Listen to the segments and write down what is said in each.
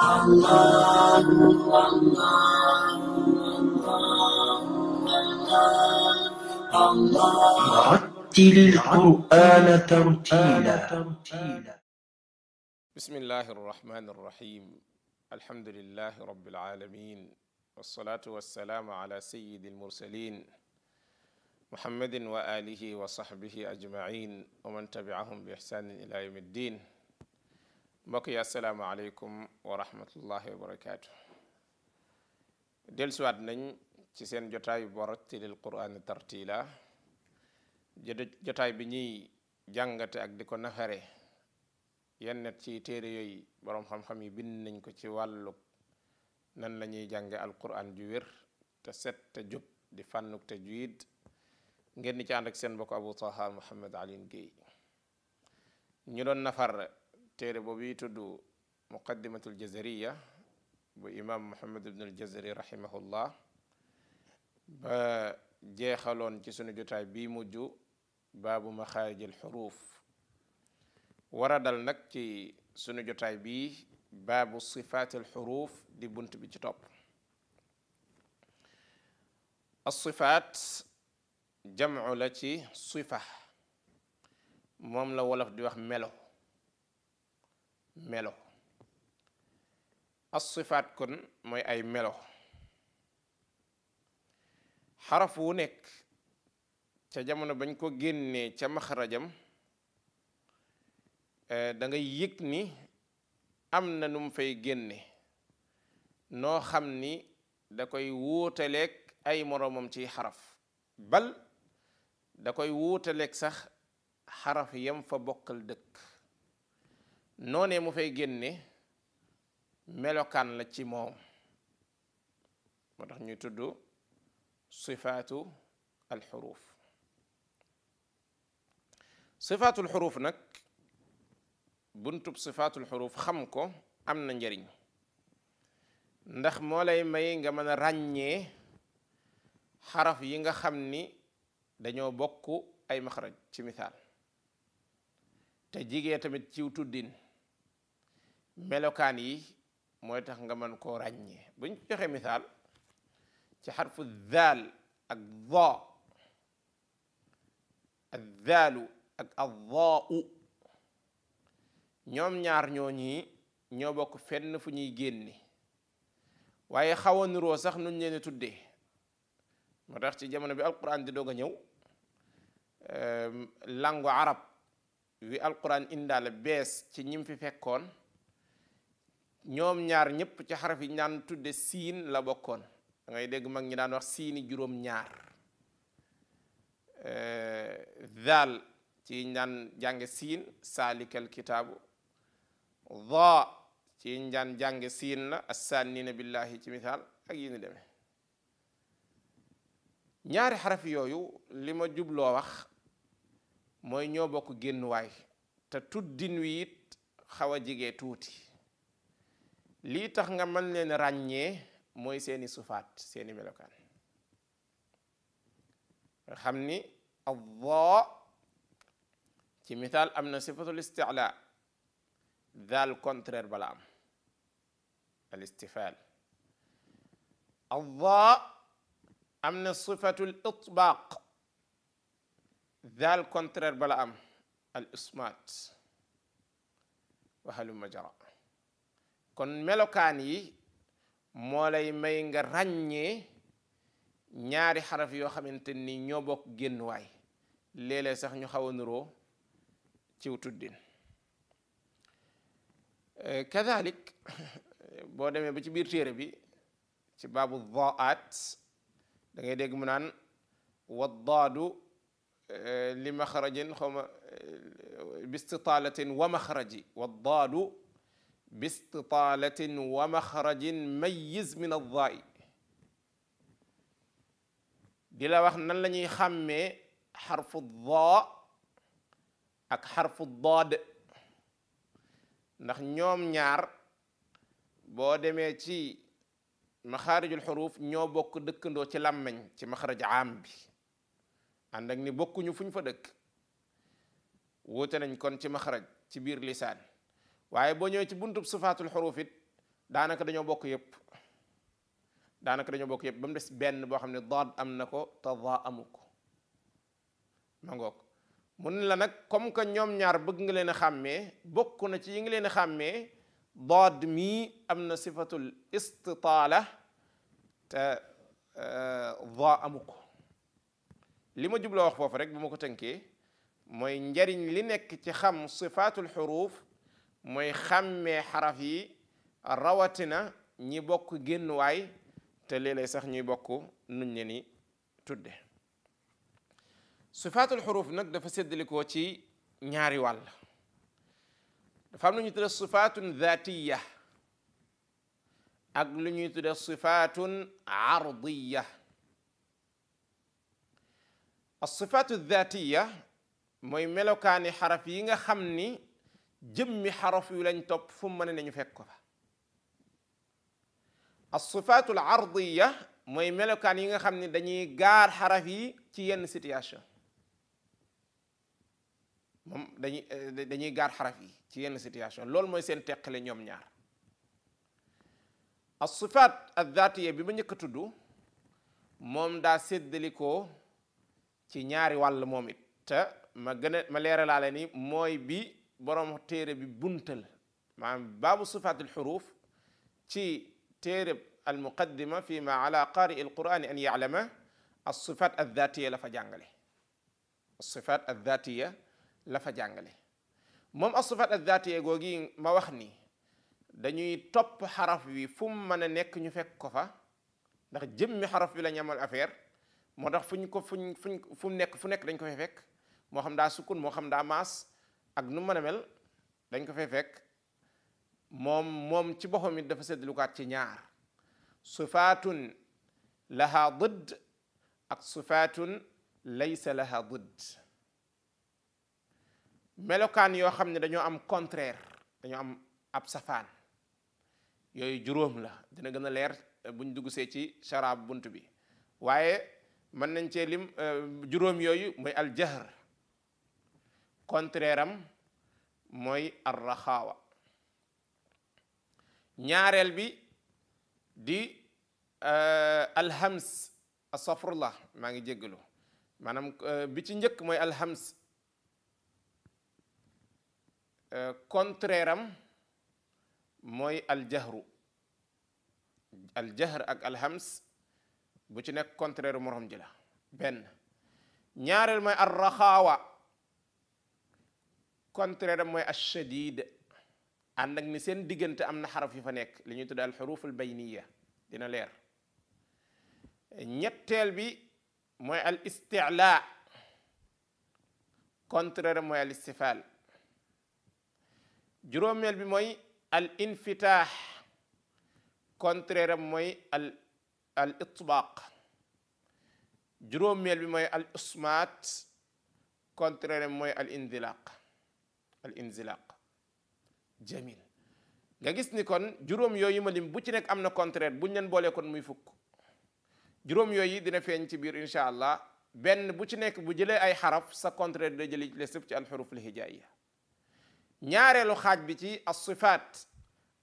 الله الله رتل القرآن ترتيلا بسم الله الرحمن الرحيم الحمد لله رب العالمين والصلاة والسلام على سيد المرسلين محمد وآله وصحبه أجمعين ومن تبعهم بإحسان إلى يوم الدين mbokk yi asalaamaaleykum wa wa barakaatu dellusiwaat nañ ci seen jotaayu borattilil quraan tartila jotaay bi ñuy jàngate ak di ko nafare yenn ci téere yooyu boroom xam-xam yi bind nañ ko ci wàllu nan la ñuy jànge alquran ju wér te set te jub di fànnuk te juid ngeen ni ci ànd seen bokk Abu Taha Muhammad Alin Guèye ñu doon nafar تيري بوبي تدو مقدمة الجزرية بإمام محمد بن الجزري رحمه الله با جيخالون جي سنو جوتاي بي موجو باب مخارج الحروف وردل نك جي سنو جوتاي بي باب صفات الحروف دي بنت بي جتوب. الصفات جمع لتي صفة مملا ولف دي وخ ملو melo as kon mooy ay melo xaraf wu nekk ca jamono bañ ko génnee ca maxrajam eh, da yëg ni am na nu mu fay génne noo xam ni da koy wuutaleeg ay moroomam ci xaraf bal da koy wuutaleeg sax xaraf yam fa bokkal dëkk noné mu fay génne melokan la ci mom motax ñuy tuddu sifatu al huruf sifatu al huruf nak buntu sifatu al huruf xam ko amna na njariñ ndax mo lay may nga mëna ragné ràññee xaraf yi nga xamni ni dañoo bokk ay makhraj ci misaal te jigé tamit ci tuddin melokaan yi mooy tax nga mën koo ràññee buñ joxe misaal ci xarfu zaal ak zaa azzaalu ak azzaau ñoom ñaar ñooñi ñoo bokk fenn fu ñuy génne waaye xaw a nuroo sax nuñ leen di tuddee moo tax ci jamono bi alquran di doog a ñëw euh, lango arab wi alquran indaale bees ci ñim fi fekkoon ñoom ñaar ñëpp ci xaraf yi ñaan tudde siin la bokkoon dangay dégg mag ñi daan wax siini juróom ñaar dal eh, ci ñaan jànge siin saalikal kitaabu dha ci ñaan jànge siin la assanina billahi ci misaal ak yi ni deme ñaari xaraf yooyu li ma jubloo wax mooy ñoo bokk génnuwaay te tuddin wi it xaw a jigee tuuti li tax nga man leen ràññee mooy seeni sufaat seeni melokaan nga xam ni allah ci misaal am na sifatul isticla daal contraire bala am al istifal adda am na sifatul itbaq dal contraire bala am al ismaat wa halumma jara kon melokaan yi moo lay may nga ràññee ñaari xaraf yoo xamante ni ñoo bokk génn waay leeg sax ñu xaw a nuroo ciw tuddin kadalik boo demee ba ci biir téere bi ci baabu daat da ngay dégg mu naan waddaadu li maxrajin xawma bistitaalatin wa maxraji waddaadu باستطالة ومخرج ميز من الضائي دلا وخنا لاني خامي حرف الضاء اك حرف الضاد نخ نيوم نيار بو ديمي مخارج الحروف ньо بوك دكندو سي لامن سي مخرج عام بي اندك ني بوكو ني فوني فا دك ووتو نان كون سي مخرج سي بير لسان waaye boo ñëwee ci buntub sifaatul xuruuf it daanaka dañoo bokk yëpp daanaka dañoo bokk yëpp ba mu des benn boo xam ne daad am na ko te daa amu ko ma ngoog mun la nag comme que ñoom ñaar bëgg nga leen a xàmmee bokk na ci yi nga leen a xàmmee daad mii am na sifatul istitaala te daa amu ko li ma jubloo wax foofu rek bu ma ko tënkee mooy njariñ li nekk ci xam sifaatul xuruuf mooy xàmmee xaraf yi rawatina ñi bokk génnuwaay te léeg-léeg sax ñuy bokk nuñ ne ni tudde sifaatul xuruf nag dafa séddalikoo ci ñaari wàll dafa am lu ñuy tudde sifaatun zaatiya ak lu ñuy tudde sifaatun ardiya asifaatu zaatiya mooy melokaani xaraf yi nga xam ni jëmmi xaraf yu lañ topp fu mu mën ne ñu fekk ko fa as-sifaatul ardiya mooy melokaan yi nga xam ne dañuy gaar xaraf yi ci yenn situation moom dañuy dañuy gaar xaraf yi ci yenn situation loolu mooy seen teqale ñoom ñaar as-sifaat ad-daatiya bi ma njëkk a tudd moom daa séddalikoo ci ñaari wàll moom it te ma gën a ma leeralaale ni mooy bi borom téere bi buntal maanaam baabu sifaat alxuruf ci téere almuqaddima fi ma ala qaari alqurani an yaclama alsifat aldatiya la fa jàngale alsifat aldatiya la fa jàngale moom alsifat aldatiya googi ma wax ni dañuy topp xaraf wi fu mu mën a nekk ñu fekk ko fa ndax jëmmi xaraf bi la ñamal affaire moo tax fu ñu ko fuñ fuñ fu mu nekk fu nekk dañ ko fay fekk moo xam daa sukun moo xam daa maas ak nu mën mel dañ ko fay fekk moom moom ci boppam it dafa séddalukaat ci ñaar sifaatun laha didd ak sifaatun laysa laha didd melokaan yoo xam ne dañoo am contraire dañoo am ab safaan yooyu juróom la dina gën a leer eh, buñ dugg see ci sharaab bunt bi waaye mën nañ cee lim eh, juróom yooyu mooy aljahr contraire am mooy arraxaawa ñaareel bi di euh, alhams asafrullah maa ngi jéggalu maanaam euh, bi ci njëkk mooy alhams euh, contraire am mooy aljahru aljahr ak alhams bu ci nekk contraire morom jila benn ñaareel mooy arraxaawa contraire am mooy ashadid ànd ak ni seen diggante am na xaraf yu fa nekk li ñuy tudd al xuruf al bayniya dina leer ñetteel bi mooy al istilaa contraire am mooy al istifaal juróomeel bi mooy al infitaax contraire am mooy al al itbaaq juróomeel bi mooy al usmaat contraire al inzilaq jamil nga gis ni kon juróom yooyu ma lim bu ci nekk am na contraire buñ leen boolee kon muy fukk juróom yooyu dina feeñ ci biir incha allah benn bu ci nekk bu jëlee ay xaraf sa contraire da jëli les sëpp ci alxuruf lhijaiya ñaareelu xaaj bi ci asifaat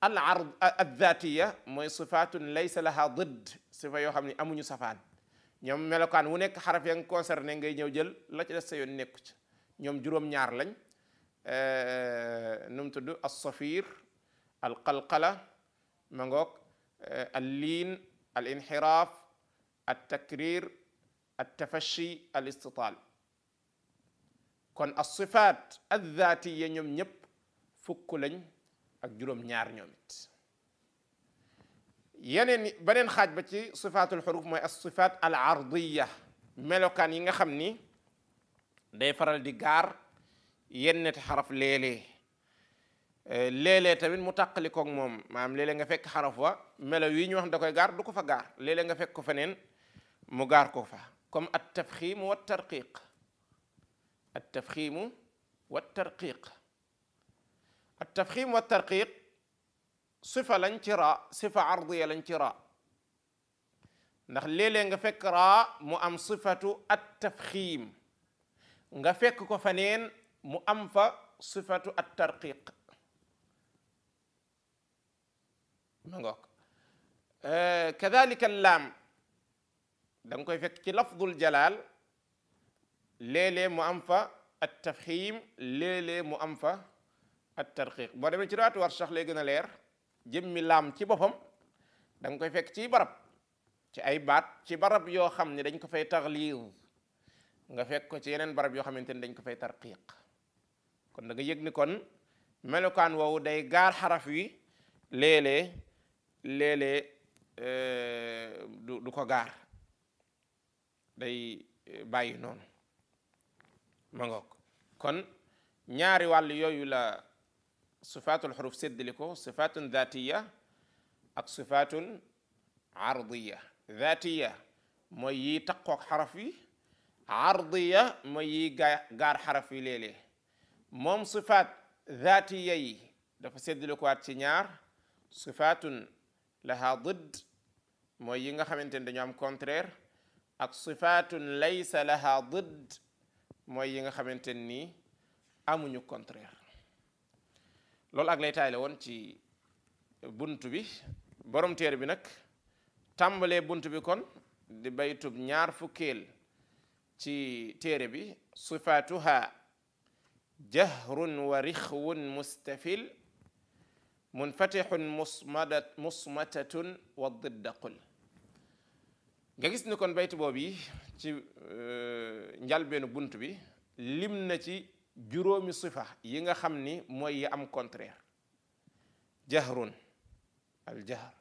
al ard addaatiya mooy sifaatun laysa laha didd sifa yoo xam ne amuñu safaan ñoom melokaan wu nekk xaraf ya nga concerné ngay ñëw jël la ci des sa yoon nekku ci ñoom juróom-ñaar lañ آه، نم الصفير القلقله منغوك آه، اللين الانحراف التكرير التفشي الاستطال كون الصفات الذاتيه نم نيب فك لن اك جوروم ñaar ñomit yenen benen xaj صفات الحروف moy الصفات العرضيه ملوكان ييغا خامني day faral di yennete xaraf léeg-léeg léeg-léeg tamit mu tàqali koog moom maanaam léeg-léeg nga fekk xaraf wa melo yi ñu wax da koy gaar du ko fa gaar leeg nga fekk ko feneen mu gaar ko fa comme at tafxiimu wa tarqiq at tafxiimu wa tarqiq at tafxiim wa tarqiq sifa lañ ci raa sifa ardiya lañ ci raa ndax léeg-léeg nga fekk raa mu am sifatu at tafxiim nga fekk ko feneen mu am fa sifatu at tarqiq ma ngoog kadalika laam da nga koy fekk ci lafdul jalaal léeg-léeg mu am fa at tafxiim léeg-léeg mu am fa at tarqiq boo demee ci raatu war sax lay gën a leer jëmmi laam ci boppam da nga koy fekk ci barab ci ay baat ci barab yoo xam ne dañ ko fay taxliid nga fekk ko ci yeneen barab yoo xamante ne dañ ko fay tarqiq kon da nga yëg kon melokaan woowu day gaar xaraf wi léeg-léeg léeg euh, du ko gaar day euh, bàyyi noonu ma kon ñaari wàll yooyu la sifaatul xuruf séddali ko sifaatun dhatiya ak sifaatun ardiya dhatiya mooy yi taqoog xaraf yi ardiya mooy yi gaar xaraf yi léeg moom sifaat zaatiya yi dafa séddale ko waat ci ñaar sifaatun laha didd mooy yi nga xamante ne dañoo am contraire ak sifaatun laysa laha didd mooy yi nga xamante ni amuñu contraire loolu ak lay taale woon ci bunt bi borom téere bi nag tàmbalee bunt bi kon di baytub ñaar fukkeel ci téere bi sifaatuha جهر ورخو مستفل منفتح مصمدة مصمتة والضد قل جاكس نكون بيت بوبي تي نجال بينو بنت بي لمنا تي جرومي صفة ينغا خمني موي أم كونترير جهر الجهر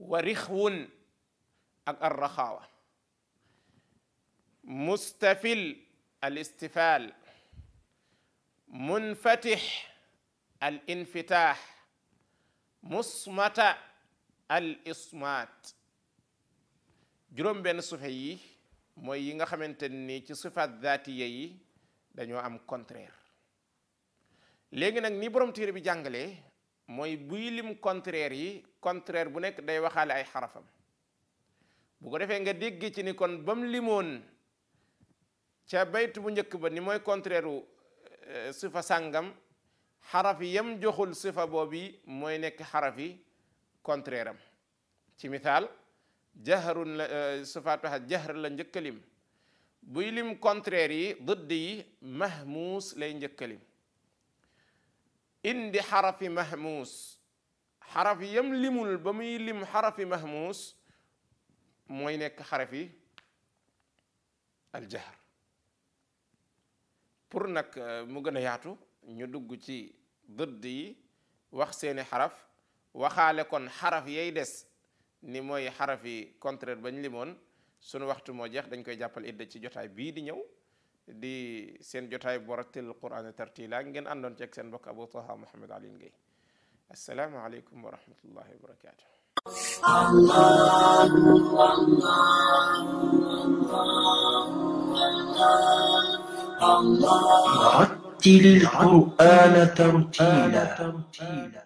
ورخو أك الرخاوة مستفل الاستفال munfatix al infitaax musmata al ismaat juróom benn sufe yi mooy yi nga xamante ni ci sifaat zaatiya yi dañoo am contraire léegi nag ni borom téere bi jàngalee mooy buy lim contraire yi contraire bu nekk day waxaale ay xarafam bu defee nga dégg ci ni kon ba mu limoon ca baytu bu njëkk ba ni mooy contraire sifa sàngam xaraf yam joxul sifa boobi mooy nekk xaraf yi contraire am ci misaal jahrun la sifaatu jahr la njëkkalim buy lim contraire yi dëdd yi mahmuus lay njëkkalim indi xarafi mahmuus xaraf yam limul ba muy lim xarafi mahmuus mooy nekk xarafi aljahr pour nag euh, mu gën yaatu ñu dugg ci dëdd yi wax seeni xaraf waxaale kon xaraf yeey des ni mooy xaraf yi contraire bañ limoon sunu waxtu moo jeex dañ koy jàppal idda ci jotaay bii di ñëw di seen jotaay boratil qur'aan tartila ngeen àndoon ci ak seen mbokk Abou Taha Mouhamed Alioune Guèye رتل القرآن ترتيلا